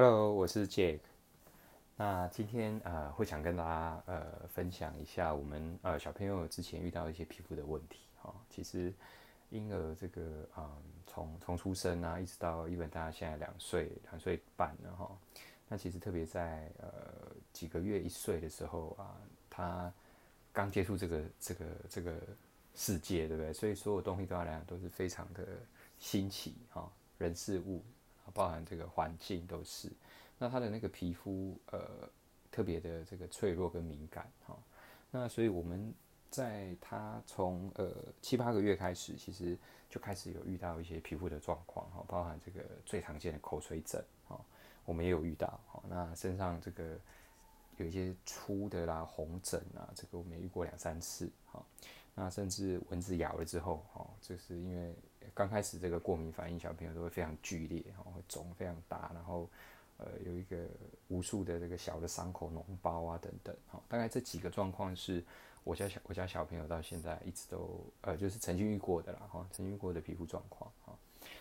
Hello，我是 Jack。那今天啊、呃，會想跟大家呃分享一下我們呃小朋友之前遇到一些皮膚的問題哈。其實嬰兒這個啊，從、呃、從出生啊，一直到一般大家現在兩歲、兩歲半了哈。那其實特別在呃幾個月、一歲的時候啊、呃，他剛接觸這個這個這個世界，對不對？所以所有東西對他來講都是非常的新奇哈，人事物。包含這個環境都是，那他的那個皮膚呃特別的這個脆弱跟敏感哈，那所以我們在他從呃七八個月開始，其實就開始有遇到一些皮膚的狀況哈，包含這個最常見的口水疹哈，我們也有遇到哈，那身上這個有一些粗的啦紅疹啊，這個我們也遇過兩三次哈，那甚至蚊子咬了之後哈，就是因為。剛開始這個過敏反應，小朋友都會非常劇烈，哈，會腫非常大，然後，呃，有一個無數的這個小的傷口、膿包啊等等，哈、哦，大概這幾個狀況是我家小我家小朋友到現在一直都，呃，就是曾經遇過的啦，哈、哦，曾經遇過的皮膚狀況，哈、哦。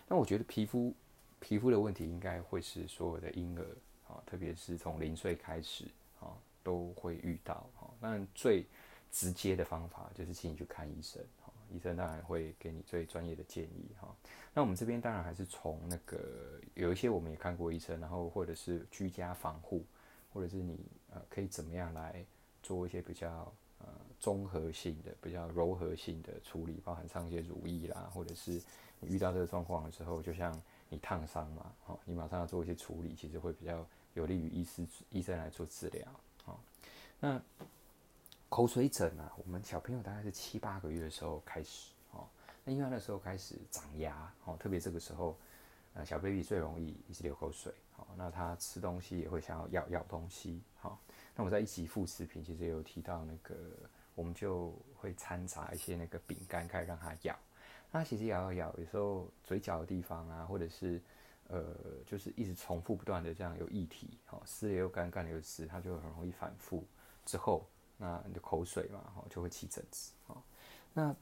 那我覺得皮膚皮膚的問題應該會是所有的嬰兒，啊、哦，特別是從零歲開始，啊、哦，都會遇到，哈、哦。那最直接的方法就是請你去看醫生，哦。醫生當然會給你最專業的建議哈。那我們這邊當然還是從那個有一些我們也看過醫生，然後或者是居家防護，或者是你呃可以怎麼樣來做一些比較呃綜合性的、比較柔和性的處理，包含上一些乳液啦，或者是你遇到這個狀況的時候，就像你燙傷嘛，哈，你馬上要做一些處理，其實會比較有利於醫師醫生來做治療哈，那口水疹啊，我們小朋友大概是七八個月的時候開始哦，那因為他那時候開始長牙哦，特別這個時候，呃，小 baby 最容易一直流口水，哦。那他吃東西也會想要咬咬東西，好、哦，那我在一集副食品其實也有提到那個，我們就會摻雜一些那個餅乾，開始讓他咬，那他其實咬咬咬，有時候嘴角的地方啊，或者是呃，就是一直重複不斷的這樣有液體，好、哦，濕也又乾乾的又濕，他就很容易反覆之後。那你的口水嘛，吼，就會起疹子，哦，那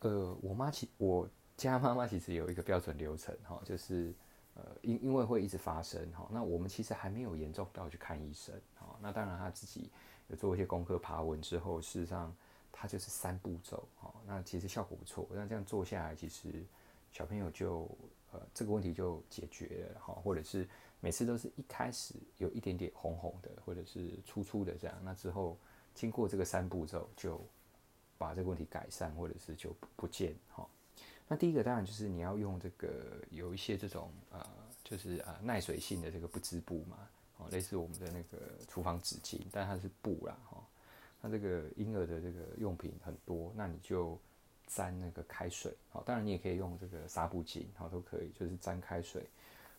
呃，我媽其我家媽媽其實有一個標準流程，吼，就是呃，因因為會一直發生，吼，那我們其實還沒有嚴重到去看醫生，哦，那當然她自己有做一些功課爬文之後，事實上她就是三步走。哦，那其實效果不錯，那這樣做下來，其實小朋友就呃這個問題就解決了，吼，或者是每次都是一開始有一點點紅紅的，或者是粗粗的這樣，那之後。經過這個三步驟，就把這個問題改善，或者是就不見、哦。那第一個當然就是你要用這個有一些這種呃，就是呃，耐水性的這個不織布嘛，哦，類似我們的那個廚房紙巾，但它是布啦哈、哦。那這個嬰兒的這個用品很多，那你就沾那個開水，好、哦，當然你也可以用這個紗布巾，好、哦，都可以，就是沾開水，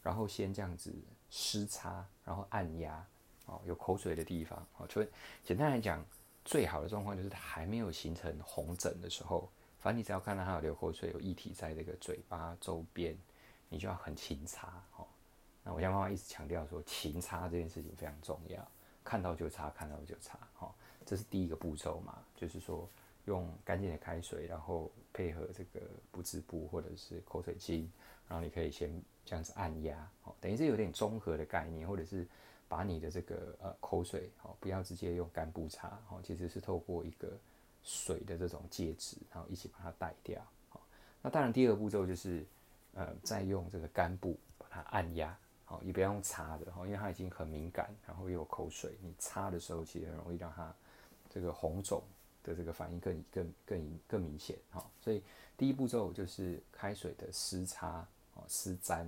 然後先這樣子濕擦，然後按壓。哦、有口水的地方所以、哦、簡單來講，最好的狀況就是它還沒有形成紅疹的時候。反正你只要看到它有流口水、有液體在這個嘴巴周邊，你就要很勤擦哦。那我家媽媽一直強調說，勤擦這件事情非常重要，看到就擦，看到就擦哦。這是第一個步驟嘛，就是說用乾淨的開水，然後配合這個不織布或者是口水巾，然後你可以先這樣子按壓哦，等於是有點綜合的概念，或者是。把你的這個呃口水好、喔，不要直接用乾布擦，好、喔，其實是透過一個水的這種介質，然後一起把它帶掉。好、喔，那當然，第二個步驟就是呃，再用這個乾布把它按壓，好、喔，也不要用擦的，哈、喔，因為它已經很敏感，然後又有口水，你擦的時候其實很容易讓它這個紅腫的這個反應更更更更明顯，哈、喔。所以第一步驟就是開水的濕擦，哦、喔，濕沾，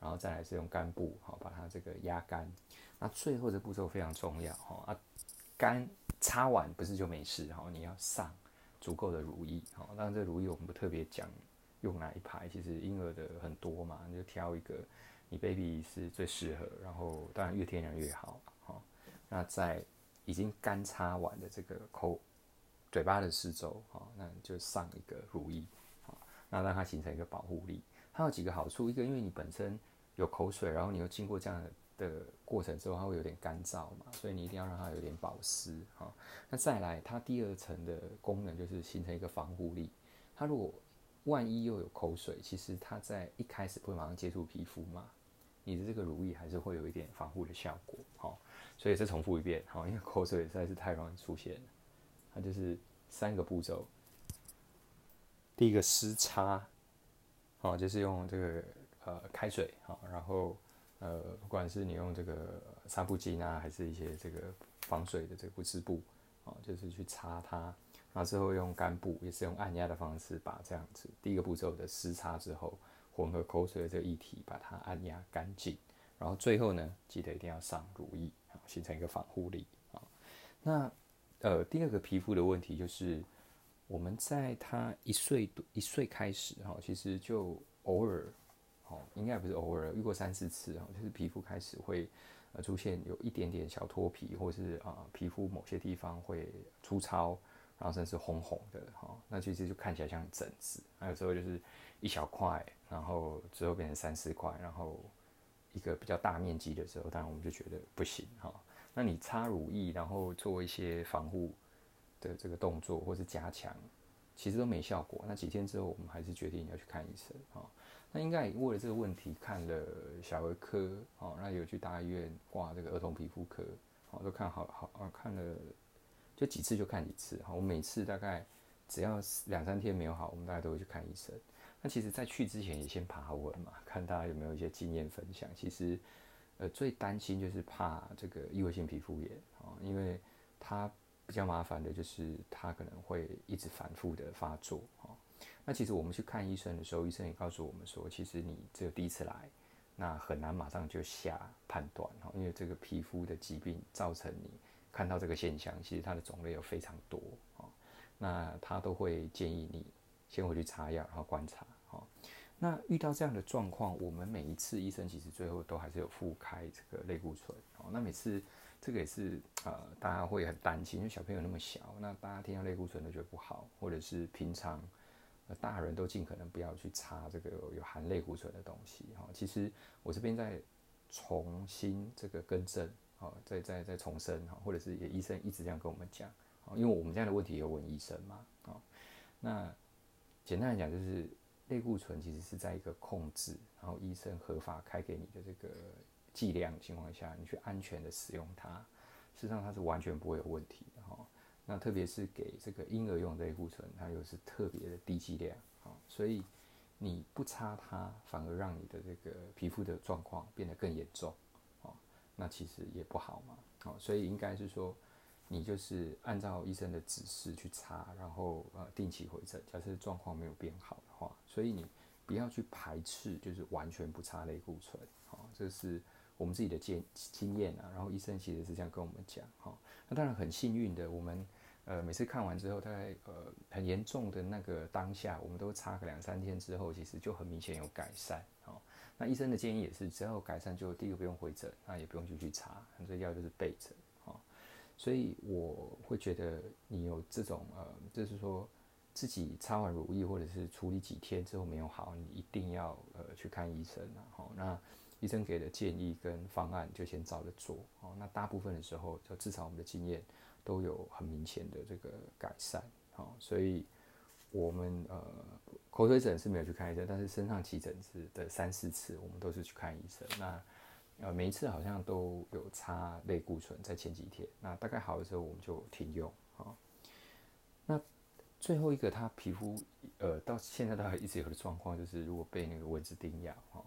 然後再來是用乾布，好、喔，把它這個壓乾。那最後這步驟非常重要哈啊，乾擦完不是就沒事哈？你要上足夠的乳液哈。當然，這個乳液我們不特別講用哪一牌，其實嬰兒的很多嘛，你就挑一個你 baby 是最適合。然後，當然越天然越好哈。那在已經乾擦完的這個口嘴巴的四周哈，那你就上一個乳液，那讓它形成一個保護力。它有幾個好處，一個因為你本身有口水，然後你又經過這樣的。的過程之後，它會有點乾燥嘛，所以你一定要讓它有點保濕哈。那再來，它第二層的功能就是形成一個防護力。它如果萬一又有口水，其實它在一開始不會馬上接觸皮膚嘛，你的這個乳液還是會有一點防護的效果。哈，所以再重複一遍，哈，因為口水實在是太容易出現了，它就是三個步驟。第一個濕擦，好，就是用這個呃開水好，然後。呃，不管是你用這個紗布巾啊，還是一些這個防水的這個不織布，啊、哦，就是去擦它，然後之後用乾布，也是用按壓的方式，把這樣子第一個步驟的濕擦之後，混合口水的這個液體，把它按壓乾淨，然後最後呢，記得一定要上乳液，形成一個防護力，啊、哦，那呃，第二個皮膚的問題就是，我們在他一歲多一歲開始，哈、哦，其實就偶爾。哦，應該不是偶爾，遇過三四次，哦，就是皮膚開始會呃出現有一點點小脫皮，或是啊、呃、皮膚某些地方會粗糙，然後甚至紅紅的哈、哦，那其實就看起來像疹子。還有時候就是一小塊，然後之後變成三四塊，然後一個比較大面積的時候，當然我們就覺得不行哈、哦。那你擦乳液，然後做一些防護的這個動作，或是加強，其實都沒效果。那幾天之後，我們還是決定要去看醫生啊。哦那應該也為了這個問題看了小兒科哦，那有去大醫院掛這個兒童皮膚科哦，都看好好啊，看了就幾次就看幾次哈。我們每次大概只要兩三天沒有好，我們大概都會去看醫生。那其實，在去之前也先爬文嘛，看大家有沒有一些經驗分享。其實，呃，最擔心就是怕這個異位性皮膚炎，哦，因為它比較麻煩的就是它可能會一直反覆的發作，哦。那其實我們去看醫生的時候，醫生也告訴我們說，其實你只有第一次來，那很難馬上就下判斷，因為這個皮膚的疾病造成你看到這個現象，其實它的種類有非常多，那他都會建議你先回去擦藥，然後觀察，那遇到這樣的狀況，我們每一次醫生其實最後都還是有復開這個類固醇，那每次這個也是，呃，大家會很擔心，因為小朋友那麼小，那大家聽到類固醇都覺得不好，或者是平常。大人都盡可能不要去擦這個有含類固醇的東西哈。其實我這邊在重新這個更正，哦，再再再重申哈，或者是也醫生一直這樣跟我們講，因為我們這樣的問題也有問醫生嘛，哦，那簡單來講就是類固醇其實是在一個控制，然後醫生合法開給你的這個劑量的情況下，你去安全的使用它，事實上它是完全不會有問題。那特別是給這個嬰兒用的類固醇，它又是特別的低劑量，好、哦，所以你不擦它，反而讓你的這個皮膚的狀況變得更嚴重，哦，那其實也不好嘛，好、哦，所以應該是說，你就是按照醫生的指示去擦，然後呃定期回診，假設狀況沒有變好的話，所以你不要去排斥，就是完全不擦類固醇，好、哦，這是我們自己的經經驗啊，然後醫生其實是這樣跟我們講，哈、哦，那當然很幸運的我們。呃，每次看完之後，大概呃很嚴重的那個當下，我們都擦個兩三天之後，其實就很明顯有改善。好、哦，那醫生的建議也是，只要改善就第一個不用回診，那也不用就去查，很多藥就是備着。好、哦，所以我會覺得你有這種呃，就是說自己擦完乳液或者是處理幾天之後沒有好，你一定要呃去看醫生，然、哦、後那醫生給的建議跟方案就先照着做。好、哦，那大部分的時候，就至少我們的經驗。都有很明顯的這個改善，好，所以我們呃口水疹是沒有去看醫生，但是身上起疹子的三四次，我們都是去看醫生。那呃每一次好像都有擦類固醇，在前幾天，那大概好的時候我們就停用。好，那最後一個他皮膚呃到現在都一直有的狀況就是如果被那個蚊子叮咬哈，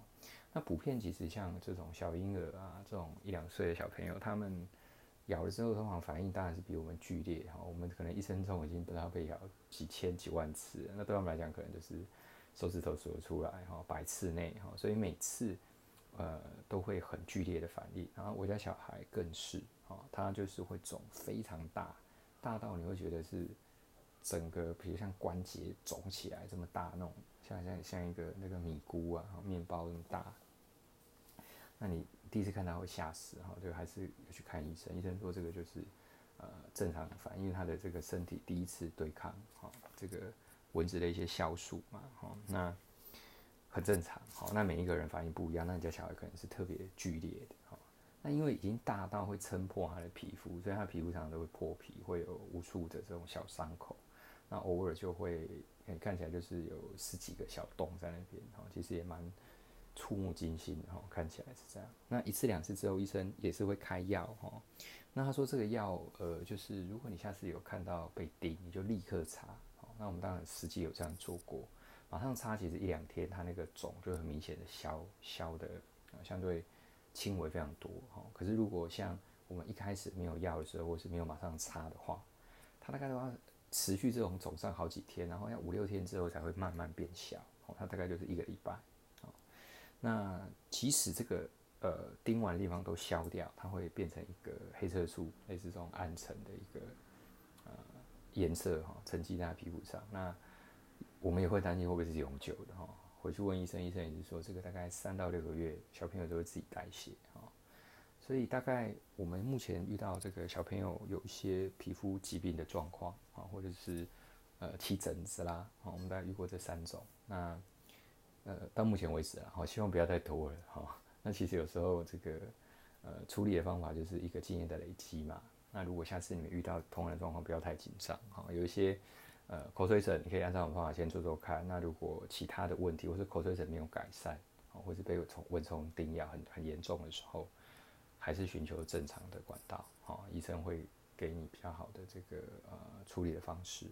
那普遍其實像這種小嬰兒啊，這種一兩歲的小朋友他們。咬了之後，通常反應當然是比我們劇烈。哈，我們可能一生中已經不知道被咬幾千幾萬次，那對他們來講，可能就是手指頭數得出來，哈，百次內，哈，所以每次，呃，都會很劇烈的反應。然後我家小孩更是，哈，他就是會腫非常大，大到你會覺得是整個，比如像關節腫起來這麼大那種，像像像一個那個米糊啊，麵包那麼大，那你。第一次看他會嚇死，哈，就還是要去看醫生。醫生說這個就是，呃，正常的反應，因為他的這個身體第一次對抗，哈、哦，這個蚊子的一些酵素嘛，哈、哦，那很正常，哈、哦。那每一個人反應不一樣，那你家小孩可能是特別劇烈的，哈、哦。那因為已經大到會撐破他的皮膚，所以他皮膚上都會破皮，會有無數的這種小傷口。那偶爾就會看起來就是有十幾個小洞在那邊，哈、哦，其實也蠻。觸目驚心，哦，看起來是這樣。那一次兩次之後，醫生也是會開藥，哦，那他說這個藥，呃，就是如果你下次有看到被叮，你就立刻擦，哦，那我們當然實際有這樣做過，馬上擦，其實一兩天它那個腫就很明顯的消消的，啊，相對輕微非常多，哦，可是如果像我們一開始沒有藥的時候，或是沒有馬上擦的話，它大概的話持續這種腫脹好幾天，然後要五六天之後才會慢慢變小，哦，它大概就是一個禮拜。那即使這個呃叮完的地方都消掉，它會變成一個黑色素，類似這種暗沉的一個呃顏色哈、呃，沉積在皮膚上。那我們也會擔心會不會是永久的哈、哦？回去問醫生，醫生也是說這個大概三到六個月，小朋友都會自己代謝哈、哦，所以大概我們目前遇到這個小朋友有一些皮膚疾病的狀況啊，或者、就是呃起疹子啦、哦，我們大概遇過這三種。那呃，到目前為止了，好、哦，希望不要再拖了，好、哦。那其實有時候這個呃處理的方法就是一個經驗的累積嘛。那如果下次你們遇到同樣的狀況，不要太緊張，好、哦。有一些呃口水疹，你可以按照我們方法先做做看。那如果其他的問題，或是口水疹沒有改善，哦、或是被蚊蟲叮咬很很嚴重的時候，還是尋求正常的管道，好、哦，醫生會給你比較好的這個呃處理的方式。